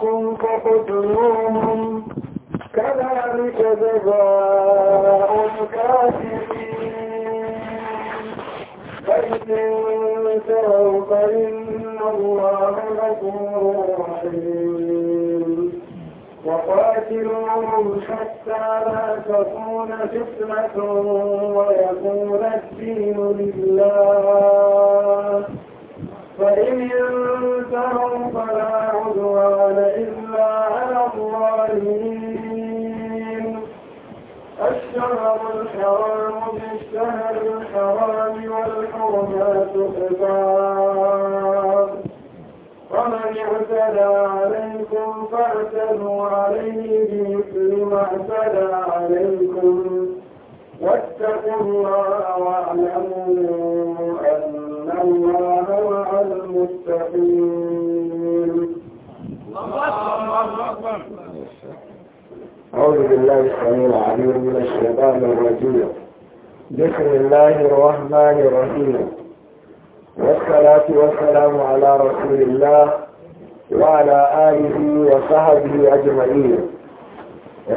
منكم فقتلوهم كذلك جزاء الكافرين فإن انتهوا فإن الله غفور رحيم وقاتلوهم حتى لا تكون فتنة ويكون الدين لله فإن ينتهوا فلا عدوان إلا على الظالمين الشهر الحرام بالشهر الحرام والحرمات حفاظ ومن اعتدى عليكم فاعتدوا عليه بمثل ما اعتدى عليكم واتقوا الله واعلموا أن الله مع المستقيم أعوذ بالله السميع العليم من الشيطان الرجيم بسم الله الرحمن الرحيم والصلاة والسلام على رسول الله وعلى آله وصحبه أجمعين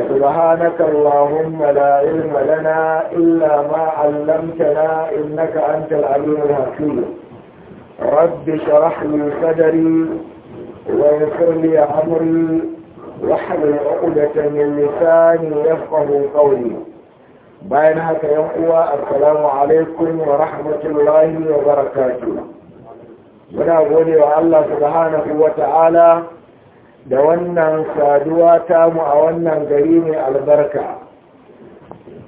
سبحانك اللهم لا علم لنا إلا ما علمتنا إنك أنت العليم الحكيم رب شرح لي صدري ويسر لي أمري واحلل عقدة من لساني يفقه قولي bayan haka yan uwa assalamu alaikum wa rahmatullahi wa barakatu muna gode wa Allah subhanahu wa ta'ala da wannan saduwa ta mu a wannan gari mai albarka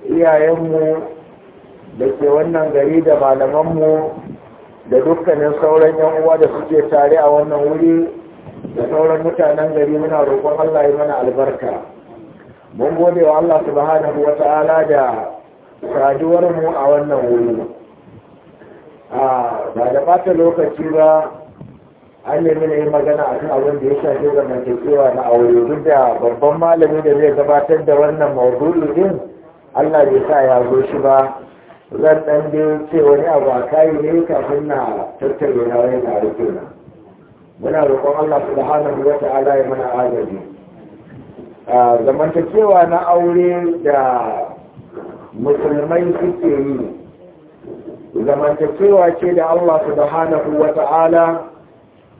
iyayenmu da ke wannan gari da malamanmu da dukkanin sauran yan uwa da suke tare a wannan wuri da sauran mutanen gari muna roƙon Allah ya mana albarka mun gode wa Allah subhanahu wa ta'ala da saduwar mu a wannan wuri a ba da bata lokaci ba an nemi na yi magana a kan abin da ya shafi zamantakewa na aure duk da babban malami da zai gabatar da wannan maudu'i din Allah bai sa ya zo shi ba zan ɗan biyu ce wani abu a kayi ne kafin na tattare na wani na rufe na muna roƙon Allah subhanahu wata ala ya mana agaji zamantakewa na aure da musulmai suke yi zamantakewa ce da Allah subhanahu wa ala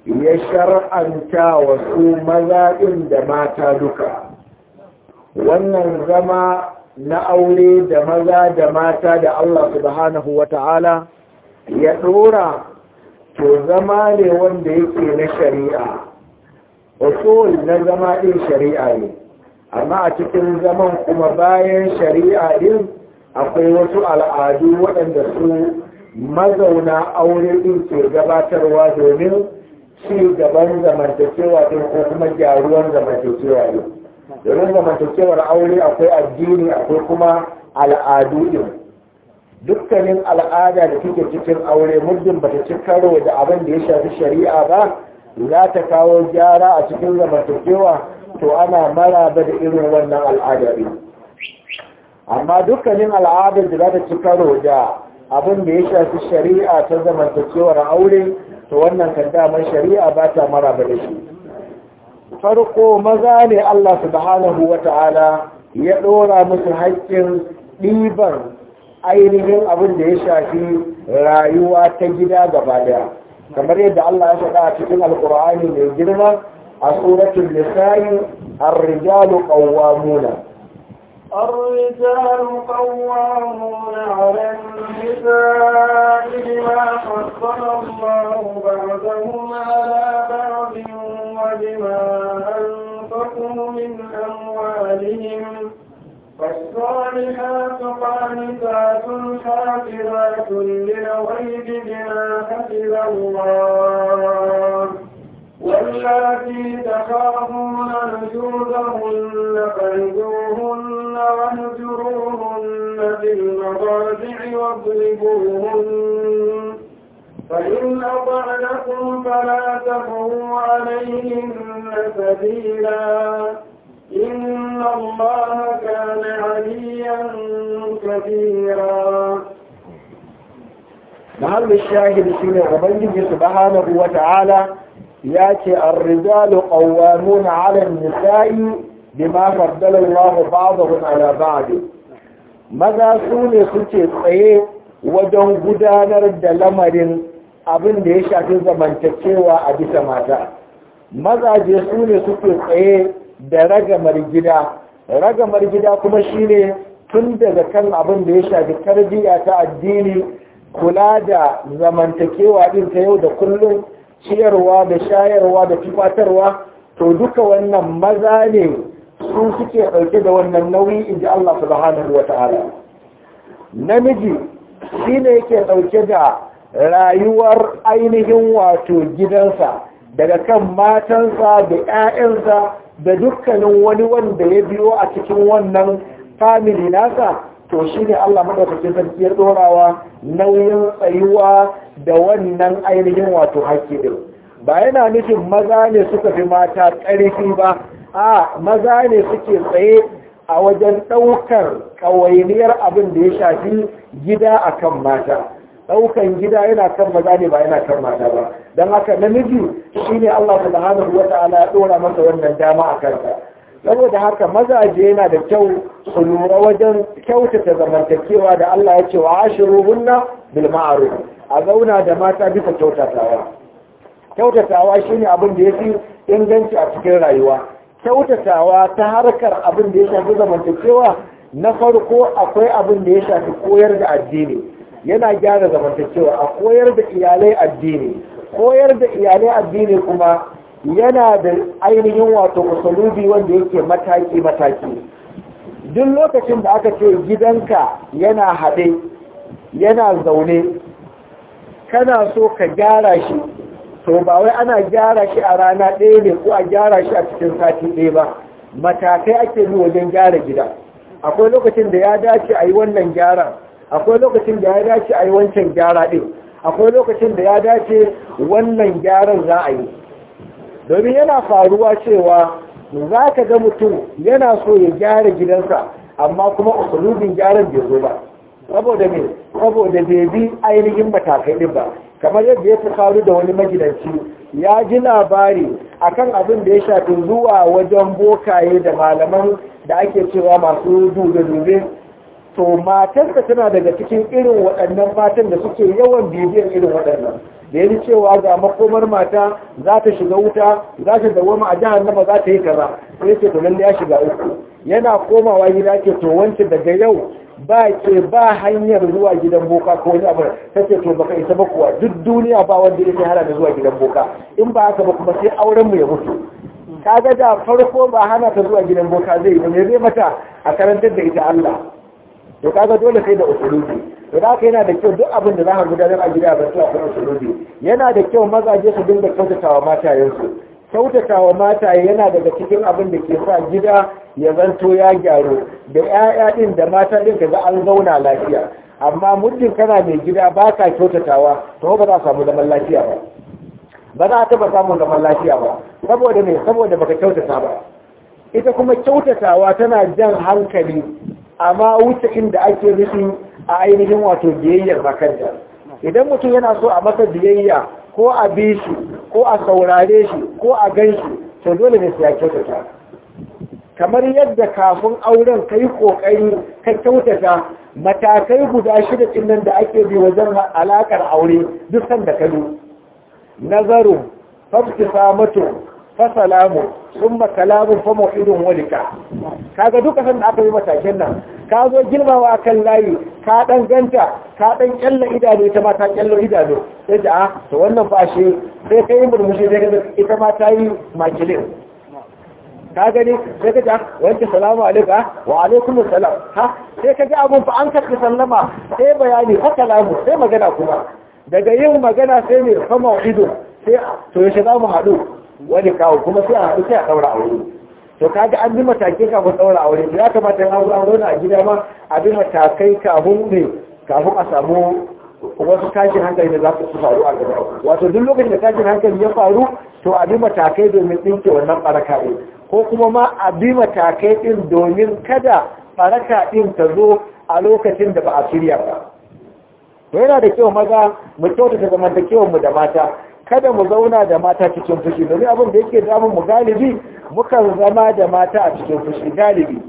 ya shar'anta wasu maza'in da mata duka wannan zama na aure da maza da mata da Allah subhanahu wata'ala ya dora to zama ne wanda yake na shari'a usul na zama din shari'a ne amma a cikin zaman kuma bayan shari'a din akwai wasu al'adu waɗanda su mazauna aure din ke gabatarwa domin ci gaban zamantakewa din ko kuma gyaruwar zamantakewa din domin zamantakewar aure akwai addini akwai kuma al'adu din dukkanin al'ada da take cikin aure muddin ta ci karo da abin da ya shafi shari'a ba za ta kawo gyara a cikin zamantakewa to ana maraba da irin wannan al'ada amma dukkanin al'adar da za ta ci karo da abin da ya shafi shari'a ta zamantakewar aure to wannan kan damar shari'a ba ta maraba da shi farko maza ne Allah subhanahu wa ta'ala ya dora musu haƙƙin ɗibar ainihin abin da ya shafi rayuwa ta gida gaba daya kamar yadda Allah ya faɗa a cikin alƙur'ani mai girma a suratul nisa'i ar ar-rijal qawwamun الرجال قوامون على النساء بما فضل الله 'ala ba'dihim wa bima قانتات حافظات للغيب بما حفظ الله واللاتي تخافون نشوزهن فانجوهن واهجروهن في المضاجع واضربوهن فإن أطعنكم فلا تقوا عليهن سبيلا Iman ma ta na ajiyan ta hira. Mahallin Sahil shi ne kuma Jafyon Suwaiba na ta'ala yake al'adu da al'umma nuna halin da za'a yi mafarda da ruwa mu ba zogin al'adu. Maza su sute tsaye wajen gudanar da lamarin abin da ya shafi zamantakewa a bisa mata. Mazaje sune sute tsaye. da ragamar gida ragamar gida kuma shine tun daga kan abin da ya shafi tarbiyya ta addini kula da zamantakewa din ta yau da kullum ciyarwa da shayarwa da tufatarwa to duka wannan maza ne su suke ɗauke da wannan nauyi in ji Allah subhanahu wa ta'ala namiji shi ne yake ɗauke da rayuwar ainihin wato gidansa daga kan matansa da 'ya'yansa da dukkanin wani wanda ya biyo a cikin wannan famili nasa to shi ne Allah maɗaukakin sarki ya nauyin tsayuwa da wannan ainihin wato haƙƙi ɗin ba yana nufin maza ne suka fi mata ƙarfi ba a maza ne suke tsaye a wajen ɗaukar ƙawainiyar abin da ya shafi gida a kan mata ɗaukan gida yana kan maza ne ba yana kan mata ba don haka namiji shi ne Allah subhanahu wa ta'ala ya ɗora masa wannan dama a kanta. saboda haka mazaje yana da kyau su lura wajen kyautata zamantakewa da Allah ya ce wa ashiru hunna bil ma'ruf a zauna da mata bisa kyautatawa kyautatawa shine abin da yafi inganci a cikin rayuwa kyautatawa ta harkar abin da ya shafi zamantakewa na farko akwai abin da ya shafi koyar da addini yana gyara zamantakewa a koyar da iyalai addini koyar da iyalai addini kuma yana da ainihin wato musulubi wanda yake mataki-mataki duk lokacin da aka ce gidanka yana haɗe yana zaune kana so ka gyara shi to ba wai ana gyara shi a rana ɗaya ne ko a gyara shi a cikin sati ɗaya ba matakai ake bi wajen gyara gida akwai lokacin da ya dace a yi wannan gyara akwai lokacin da ya dace a yi wancan gyara ɗin akwai lokacin da ya dace wannan gyaran za a yi domin yana faruwa cewa za ka ga mutum yana so ya gyara gidansa amma kuma usulubin gyaran bai zo ba saboda me saboda bai bi ainihin matakai ɗin ba kamar yadda ya fi faru da wani magidanci ya ji labari akan abin da ya shafi zuwa wajen bokaye da malaman da ake cewa masu dube-dube to matarsa da tana daga cikin irin waɗannan matan da suke yawan bibiyar irin waɗannan da ji cewa ga makomar mata za ta shiga wuta za ta dawama a jihar Nama za ta yi kaza sai ce to lalle ya shiga uku yana komawa gida ce to wance daga yau ba ke ba hanyar zuwa gidan boka ko wani abu ta ce to baka isa ba kuwa duk duniya ba wanda ya hana da zuwa gidan boka in ba haka ba kuma sai auren mu ya mutu kaga da farko ba hana ta zuwa gidan boka zai yi ba ne zai mata a karantar da ita Allah to kaga dole sai da usuluji to da yana da kyau duk abin da za ka gudanar a gida ba sai kan usuluji yana da kyau mazaje su dinga kyautatawa matayensu kyautatawa mataye yana daga cikin abin da ke sa gida ya zanto ya gyaru da ƴaƴa din da mata din kaga an zauna lafiya amma muddin kana mai gida ba ka kyautatawa to ba za ka samu zaman lafiya ba ba za a taba samun zaman lafiya ba saboda ne saboda baka kyautata ba ita kuma kyautatawa tana jan hankali amma wuce inda ake rufi a ainihin wato biyayyar makarjar idan mutum yana so a masa biyayya ko a bi shi ko a saurare shi ko a gan shi to dole ne su ya kyautata kamar yadda kafin auren ka yi kokari ka kyautata matakai guda shida cinnan da ake bi wajen alakar aure duk sanda da du nazaru fafti samatu fasalamu sun makalamun famo irin walika kaga duka san da aka yi matakin nan ka zo girmawa kan layi ka dan ganta ka dan kyalla idanu ita ma ta kyallo idanu sai da ah, to wannan fa shi sai kai murmushi sai ka ita ma ta yi makilin ka gani sai ka ja ah, wanke salamu alaika ah, wa alaikum salam ha sai ka ji abun fa an karɓi sallama sai bayani haka salamu, sai magana kuma daga yin magana sai ne fa mau'idu sai to yaushe za mu haɗu wani kawo kuma sai a haɗu sai a ɗaura a wuri to kaga an bi matakai kafin daura aure ya kamata ya hau aure a gida ma a bi matakai kafin ne kafin a samu wasu tashin hankali da za su faru a gaba wato duk lokacin da tashin hankali ya faru to a bi matakai domin tsinke wannan baraka ne ko kuma ma a bi matakai ɗin domin kada baraka ɗin ta zo a lokacin da ba a shirya ba yana da kyau maza mu kyautata zamantakewar mu da mata kada mu zauna da mata cikin fushi domin abin da yake damun mu galibi muka zama da mata a cikin fushi galibi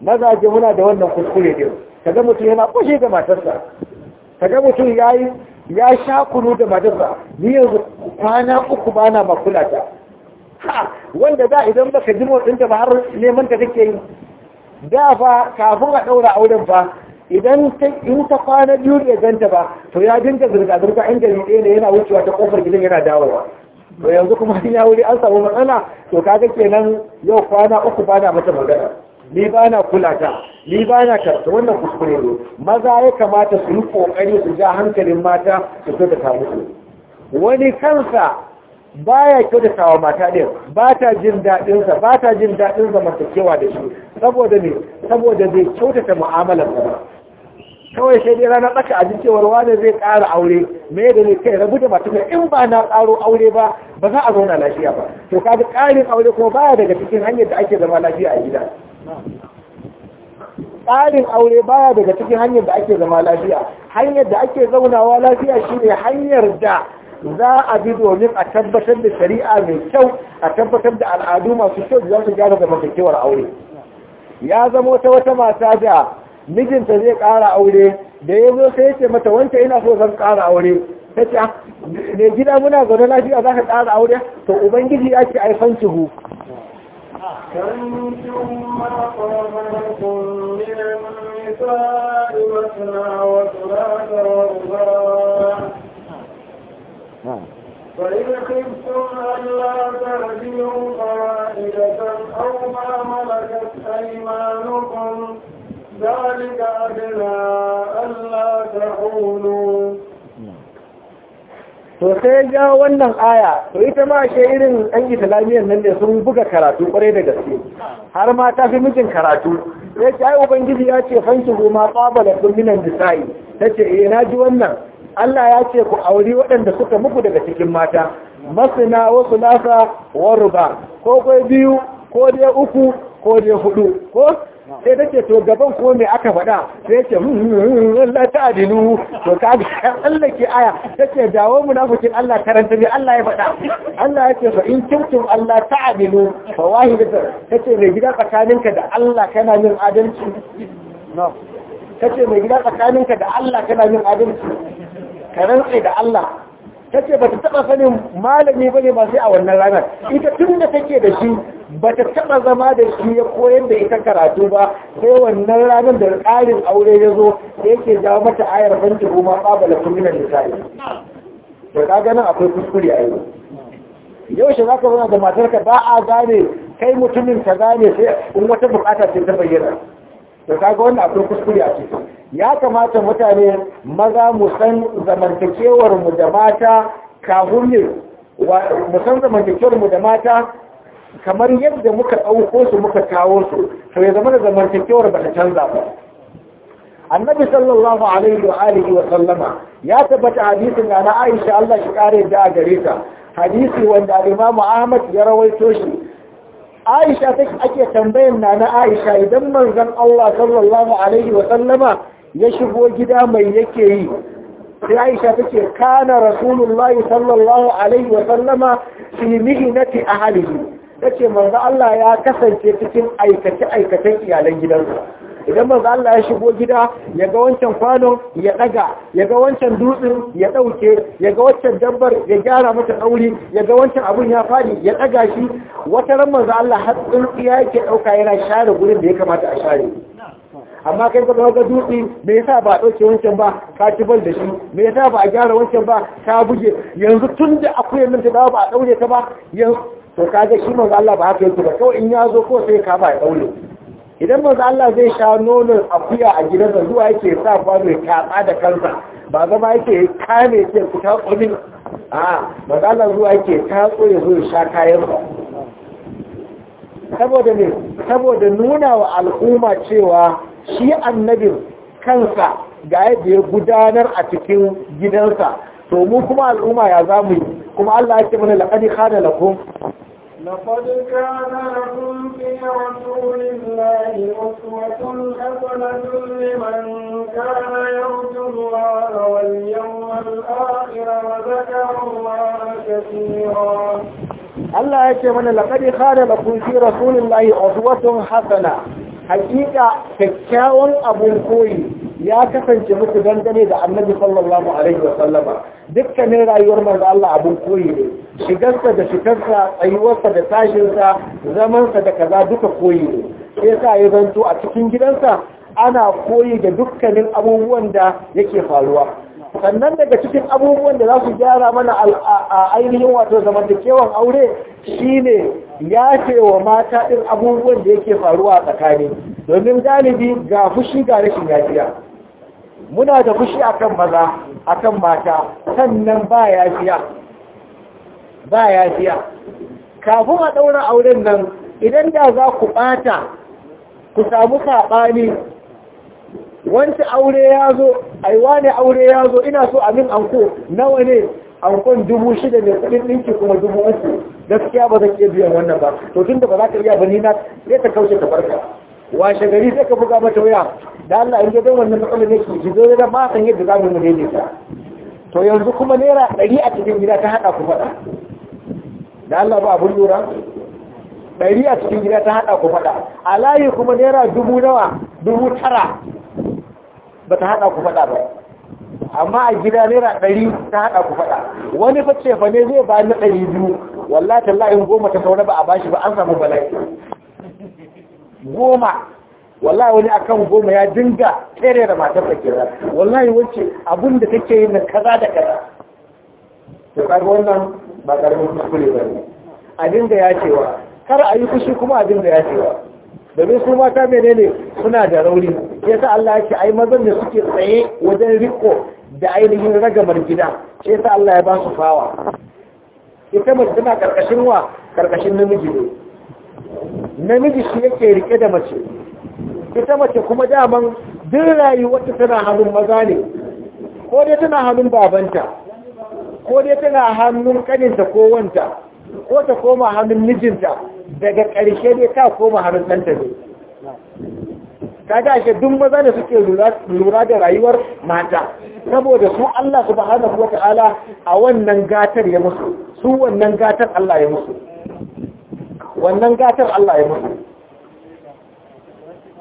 mazaje muna da wannan kuskure ne kaga mutum yana fushi da matarsa kaga mutum yayi ya sha kunu da matarsa ni yanzu kwana uku bana kula ta ha wanda da idan baka ji motsin ta ba har neman ta take yi da fa kafin a daura auren fa idan in ta kwana biyu da ganta ba to ya dinka zirga-zirga an gari ɗaya ne yana wucewa ta ƙofar gidan yana dawowa to yanzu kuma ya wuri an samu matsala to kaga kenan yau kwana uku ba na mata magana ni ba na kula ta ni ba na karta wannan kuskure ne maza ya kamata su yi kokari su ja hankalin mata su ta musu wani kansa baya kyautata wa mata ɗin ba ta jin daɗinsa ba ta jin daɗin zamantakewa da shi saboda ne saboda zai kyautata mu'amalar ba kawai sai dai rana tsaka a cewar wani zai ƙara aure mai da ne kai rabu da mata in ba na ƙaro aure ba ba za a zauna lafiya ba to kaga ƙarin aure kuma baya daga cikin hanyar da ake zama lafiya a gida ƙarin aure baya daga cikin hanyar da ake zama lafiya hanyar da ake zaunawa lafiya shine hanyar da za a bi domin a tabbatar da shari'a mai kyau a tabbatar da al'adu masu kyau da za su gyara zamantakewar aure ya zama wata wata mata da mijinta zai kara aure da ya zo sai ce mata wancan ina so zan ƙara aure ta ce ne ah, gida muna zaune lafiya za ka ƙara aure to ubangiji ya ce ai san cihu فإن خفتم ترجعوا أو ما ملكت أيمانكم ذلك أدنى ألا تحولوا to sai ja wannan aya to ita ma ke irin ɗan islamiyyar nan da sun buga karatu kwarai da gaske har ma ta fi mijin karatu ya ce ai ubangiji ya ce fanki goma ƙwabala sun minan disa'i ta ce eh na ji wannan Allah ya ce ku auri waɗanda suka muku daga cikin mata masina wasu lasa waruba ko kai biyu ko dai uku ko dai huɗu. ko sai da ke to gaban ko mai aka faɗa sai ce hmm, hmm, hmm, Allah ta adilu to ka ga tsallake aya ta ce dawo munafikin Allah karanta ne Allah ya faɗa Allah ya ce fa in kuntum Allah ta adilu fa wahid ta ce mai gida tsakaninka da Allah kana yin adalci ta ce mai gida tsakaninka da Allah kana yin adalci ka da Allah ta ce ba ta taɓa sanin malami ba ne ba sai a wannan ranar ita tun da take da shi ba ta taɓa zama da shi ya koyar da ita karatu ba sai wannan ranar da ƙarin aure ya zo da yake jawo mata ayar banki kuma babala kuminan misali Da ka ganin akwai kuskure a yau yau shi za ka zama da matarka ba a gane kai mutumin ka gane sai in wata bukata ce ta bayyana da ka ga wannan akwai kuskure a cikin ya kamata mutane maza mu san zamantakewar mu da mata kafin mu san zamantakewar mu da mata kamar yadda muka ɗauko su muka kawo su to ya zama da zamantakewar ba ta canza ba annabi sallallahu alaihi wa alihi wa sallama ya tabbata hadisin na Aisha Allah shi kare da gare ta hadisi wanda imam Ahmad ya rawaito shi Aisha take ake tambayan na Aisha idan manzon Allah sallallahu alaihi wa sallama ya shigo gida mai yake yi sai aisha ta ce kana rasulullahi sallallahu alaihi wa sallama fi mihinati ahalihi ta ce manzo Allah ya kasance cikin aikace aikacen iyalan gidansa idan manzo Allah ya shigo gida ya ga wancan kwano, ya daga ya ga wancan dutsen ya dauke ya ga wancan dabbar ya gyara mata dauri ya ga wancan abun ya fadi ya daga shi wata ran manzo Allah har tsintsiya yake dauka yana share gurin da ya kamata a share amma kai ka ga dutse me yasa ba a dauke wancan ba ka ci bal da shi me yasa ba a gyara wancan ba ka buge yanzu tun da akwai min ta dawo ba a daure ta ba yanzu to ga shi manzo Allah ba haka yake ba kawai in ya zo ko sai ka ba ya daure idan manzo Allah zai sha nonon akuya a gidansa zuwa yake sa kwano ya katsa da kansa ba zama yake kame ce ku ta kumin a manzo Allah zuwa yake ta ya zo sha kayan ba saboda ne saboda nuna wa al'umma cewa shi annabin kansa ga yadda ya gudanar a cikin gidansa to mu kuma al'umma ya mu yi kuma Allah ya ce mana laƙadi kada lakum لقد كان لكم في رسول الله أسوة حسنة لمن كان يرجو الله واليوم وذكر الله كثيرا الله لقد لكم في رسول الله hakika kyakkyawan abun koyi ya kasance musu dangane da annabi sallallahu alaihi wa sallama dukkanin rayuwar manzo Allah abun koyi ne shigarsa da fitarsa tsayuwarsa da tashinsa zamansa da kaza duka koyi ne sai sa ya zanto a cikin gidansa ana koyi da dukkanin abubuwan da yake faruwa sannan daga cikin abubuwan da za su gyara mana a ainihin wato zamantakewan aure shine ya ce wa mata ɗin abubuwan da yake faruwa a tsakani domin galibi ga fushi ga rashin yafiya muna da fushi akan maza akan mata sannan ba yafiya ba yafiya kafin a ɗaura auren nan idan da za ku ɓata ku samu saɓani wancan aure ya zo aiwa ne aure ya zo ina so abin anko nawa ne ankon dubu shida mai kudin ɗinki kuma dubu uku gaskiya ba zan iya biyan wannan ba to tunda ba za ka iya ba ni na sai ta kauce ta farka washe gari sai ka buga mata waya da Allah in gidan wannan matsalar ne ki zo da ba san yadda za mu ta to yanzu kuma naira ɗari a cikin gida ta haɗa ku faɗa da Allah ba abun lura ɗari a cikin gida ta haɗa ku faɗa a layi kuma naira dubu nawa dubu tara ba ta haɗa ku faɗa ba amma a gida naira ɗari ta haɗa ku faɗa wani fa cefa ne zai ba na ɗari biyu wallahi tallahi goma ta saura ba a bashi ba an samu bala'i goma wallahi wani akan goma ya dinga tsere da matar da kira wallahi wacce abin da take yin na kaza da kaza to kaga wannan ba karamin kuskure ba ne a dinga ya cewa kar a yi kushi kuma a dinga ya cewa domin su mata menene suna da rauni Ya sa Allah ya ce ai mazan da suke tsaye wajen riko da ainihin ragamar gida ce ta Allah ya ba su fawa ita mace tana karkashin wa karkashin namiji ne namiji shi yake rike da mace ita mace kuma daman duk rayuwar ta tana hannun maza ne ko dai tana hannun babanta ko dai tana hannun kaninta ko wanta ko ta koma hannun mijinta daga ƙarshe ne ta koma hannun ɗanta ne ta gashe duk maza ne suke lura da rayuwar mata saboda su Allah subhanahu wata'ala a wannan gatar ya musu su wannan gatar Allah ya musu wannan gatar Allah ya musu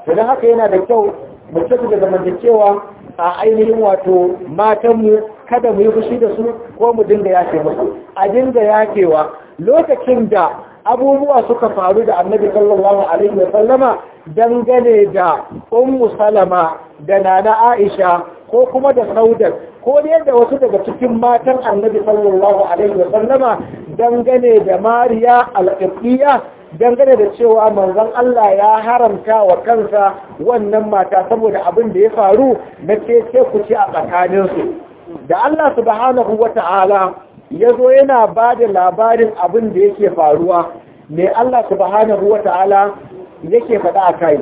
idan haka yana da kyau mu su da cewa a ainihin wato matanmu kada mu yi fushi da su ko mu dinga yake musu a dinga yakewa. lokacin da abubuwa suka faru da annabi sallallahu alaihi wa sallama dangane da ummu salama da nana aisha ko kuma da saudar ko da wasu daga cikin matan annabi sallallahu alaihi wasallama dangane da mariya alƙaƙiya dangane da cewa manzon Allah ya haramta wa kansa wannan mata saboda abin da ya faru na ce ku ci a tsakaninsu da Allah subhanahu wata'ala ya zo yana ba da labarin abin da yake faruwa ne Allah subhanahu wata'ala yake faɗa a kai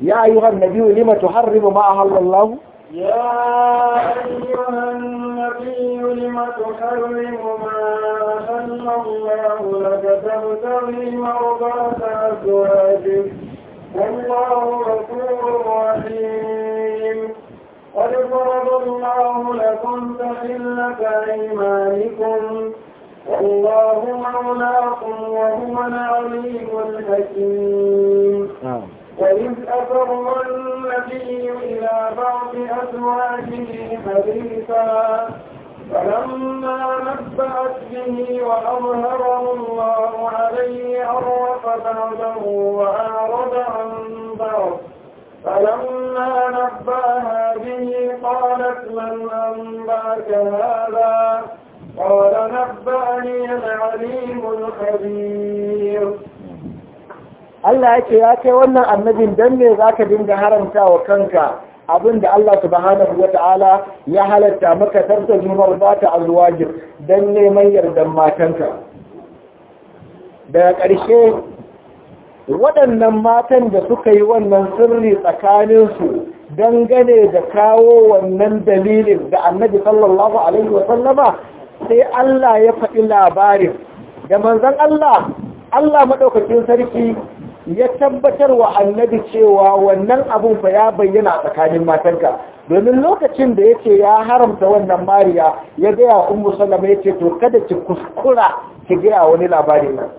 ya ayyuhan nabiyyu lima tuharrimu ma ahallallahu يا أيها النبي لم تحرم ما أحل الله لك تبتغي مرضات أزواجك والله غفور رحيم قد فرض الله لكم تحلة أيمانكم والله مولاكم وهو العليم الحكيم نعم. وإذ أسر النبي إلى بعض أزواجه حديثا فلما نبأت به وأظهره الله عليه عرف بعده وأعرض عن بعض فلما نبأها به قالت من أنبأك هذا قال نبأني العليم الخبير Allah yake ya kai wannan annabin dan me zaka dinga haramta wa kanka abin da Allah subhanahu wata'ala ya halatta maka tarta jumar ba ta alwajir dan neman yardan matanka daga ƙarshe waɗannan matan da suka yi wannan sirri tsakaninsu dangane da kawo wannan dalilin da annabi sallallahu alaihi wasallama sai Allah ya faɗi labarin da manzon Allah Allah maɗaukakin sarki ya tabbatar wa annabi cewa wannan abun fa ya bayyana a tsakanin matanka domin lokacin da yake ya haramta wannan mariya ya gaya wa musallama ya ce to kada ki kuskura ki gaya wani labarin nan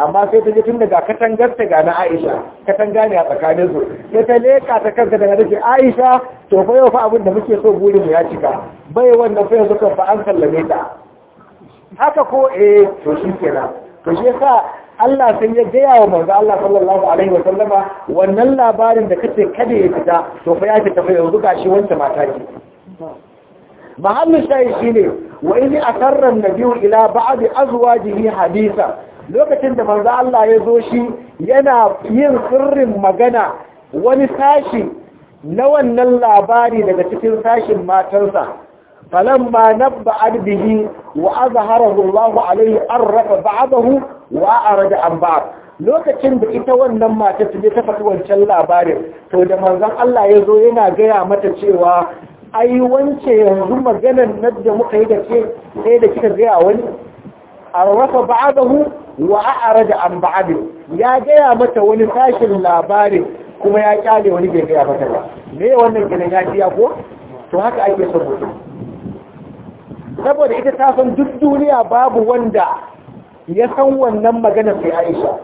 amma sai ta je tun daga katangar ta ga Aisha katanga ne a tsakanin su sai ta leka ta kanka daga dace Aisha to fa yau fa abin da muke so burin mu ya cika bai wannan fa yanzu kan fa an sallame ta haka ko eh to shi kenan to shi yasa Allah sai ya gaya wa manzo Allah sallallahu alaihi wa sallama wannan labarin da kace kada ya fita to fa ya fita fa yanzu gashi wanda mata ce mahallin shayi shine wa idh akarra an-nabiyyu ila ba'd azwajihi hadisa lokacin da manzo Allah ya zo shi yana yin sirrin magana wani sashi na wannan labari daga cikin sashin matarsa فلما نبأ به وأظهره الله عليه أرف بعضه وأرد عن بعض lokacin da ita wannan mata ta je ta faɗi wancan labarin to da manzon Allah ya zo yana gaya mata cewa ai wance yanzu maganar nan da muka yi da ke sai da kika gaya wani arrafa ba'dahu wa a'rada an ba'd ya gaya mata wani sashin labarin kuma ya kyale wani bai gaya mata ba me wannan kenan ya ko to haka ake son mutum saboda ita ta san duk duniya babu wanda ya san wannan magana sai Aisha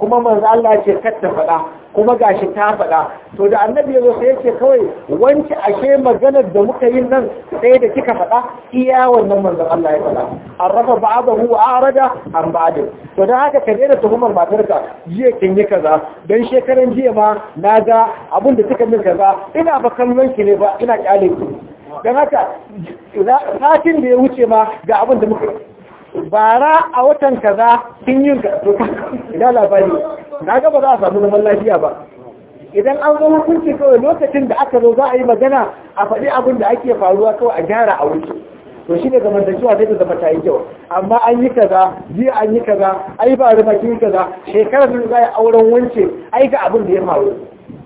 kuma manzo Allah ce kar ta faɗa kuma gashi ta faɗa to da annabi yazo sai yace kawai wanci ashe maganar da muka yi nan sai da kika faɗa iya wannan manzo Allah ya faɗa arrafa ba'dahu arada an ba'd to dan haka ka daina tuhumar matarka jiya kin yi kaza dan shekaran jiya ma naga abin da kika min kaza ina ba kallon ki ne ba ina kyale ki don haka satin da ya wuce ma ga abin da muka bara a watan kaza sun labari na gaba za a samu zaman lafiya ba idan an zo hukunci kawai lokacin da aka zo za a yi magana a faɗi abin da ake faruwa kawai a gyara a wuce to shi ne zamantakewa zai zama ta yi kyau amma an yi kaza jiya an yi kaza ai ba rima kin kaza shekarar da za a auren wance ai ga abin da ya faru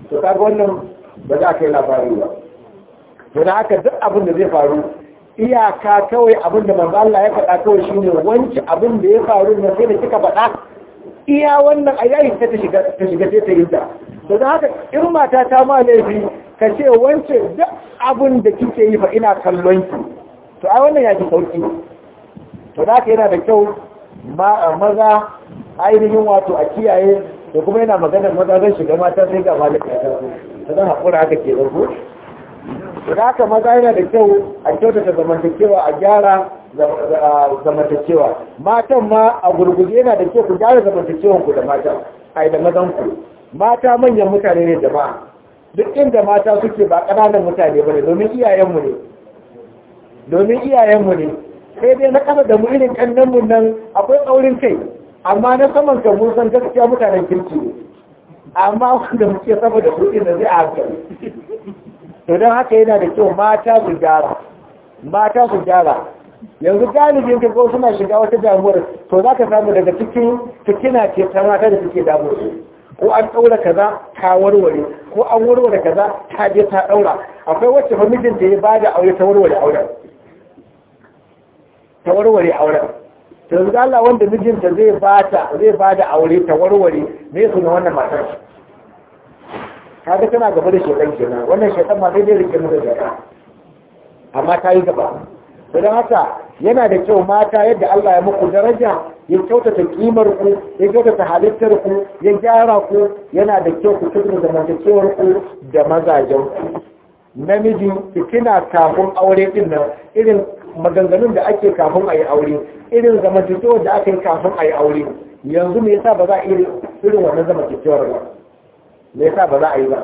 to kaga wannan ba za a kai labari ba to da haka duk abin da zai faru iyaka kawai abin da manzo Allah ya faɗa kawai shine wanci abin da ya faru na sai da kika faɗa iya wannan ayayin ta shiga ta shiga sai ta yinta to da haka in mata ta ma laifi ka ce wanci duk abin da kike yi fa ina kallon ki to ai wannan ya ji sauki to da haka yana da kyau maza ainihin wato a kiyaye da kuma yana magana maza zan shiga mata sai ga malaka ta zan haƙura haka ke zo da aka maza yana da kyau a kyautata zamantakewa a gyara zamantakewa matan ma a gurguje yana da kyau ku gyara zamantakewan ku da mata a da mazan ku mata manyan mutane ne jama'a duk inda mata suke ba ƙananan mutane ba ne domin iyayenmu ne domin iyayenmu ne sai dai na ƙasa da mu irin ƙannanmu nan akwai tsaurin kai amma na saman kan mun san gaskiya mutanen kirki ne amma wanda muke saboda da kuɗi da zai a hankali idan don haka yana da kyau mata su gyara mata su gyara yanzu galibin ka ko suna shiga wata damuwar to za ka samu daga cikin tukina ke ta mata da suke damuwar ko an ɗaura kaza ta warware ko an warware kaza ta je ta ɗaura akwai wacce fa da ya ba da aure ta warware auren ta warware auren to yanzu Allah wanda mijinta zai ba zai aure ta warware me su wannan matar kaga tana gaba da shekan kenan wannan shekan ma sai dai rike mu da amma ta yi gaba don haka yana da kyau mata yadda Allah ya muku daraja ya kyautata kimar ku ya kyautata halittar ku ya gyara ku yana da kyau ku kyautata zamantakewar ku da mazajen ku namiji kina kafin aure din nan irin maganganun da ake kafin a yi aure irin zamantakewar da aka yi kafin a yi aure yanzu me yasa ba za a irin wannan zamantakewar ba me yasa ba za a yi ba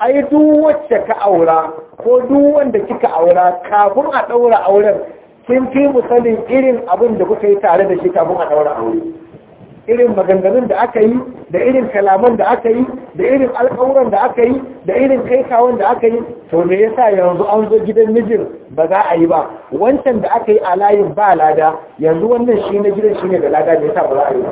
ai duk wacce ka aura ko duk wanda kika aura kafin a ɗaura auren kin fi musalin irin abin da kuka yi tare da shi kafin a ɗaura aure irin maganganun da aka yi da irin kalaman da aka yi da irin alƙawuran da aka yi da irin kaikawan da aka yi to me yasa yanzu an zo gidan mijin ba za a yi ba wancan da aka yi a layin ba lada yanzu wannan shi na gidan shi ne da lada me yasa ba za a yi ba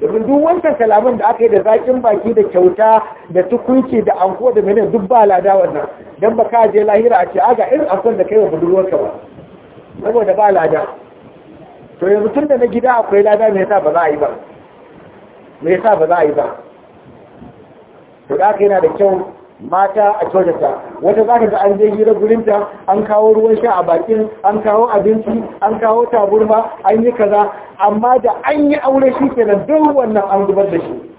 domin duk wancan kalaman da aka yi da zaƙin baki da kyauta da tukunci da anko da mene duk ba lada wannan don ba ka je lahira a ce aga irin ankon da kai wa budurwarka ba saboda ba lada to yanzu tun da na gida akwai lada me yasa ba za a yi ba me yasa ba za a yi ba to da aka yana da kyau mata a kyautata wata za ka ga an je hira gurinta an kawo ruwan sha a bakin an kawo abinci an kawo taburma an yi kaza amma da an yi aure shi kenan duk wannan an zubar da shi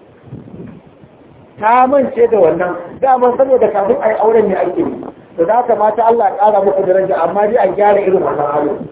ta mance da wannan dama saboda kafin a yi auren ne ake yi da za ka mata Allah kara muku daraja amma dai a gyara irin wannan halin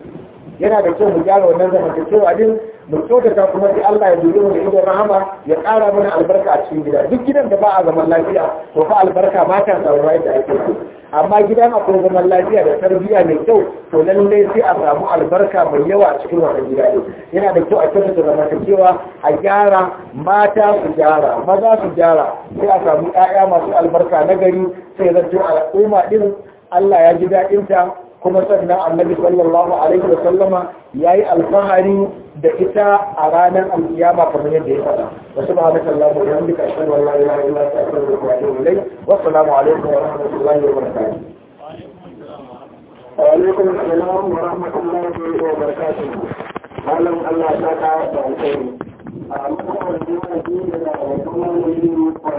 yana da kyau mu gyara wannan zamantakewa din mu kyautata kuma sai Allah ya dole mu da ido rahama ya ƙara mana albarka a cikin gida duk gidan da ba a zaman lafiya to fa albarka ba ta samu yadda ake so amma gidan akwai zaman lafiya da tarbiyya mai kyau to lallai sai a samu albarka mai yawa a cikin wannan gida din yana da kyau a kyautata zamantakewa a gyara mata su gyara maza su gyara sai a samu 'ya'ya masu albarka na gari sai zanto al'umma din Allah ya ji daɗinta kuma sannan annabi sallallahu alaihi wa sallama yayi alfahari da ita a ranar alkiyama kamar yadda ya faɗa wa subhanaka wa bihamdika wa wa alaikum wa rahmatullahi wa barakatuh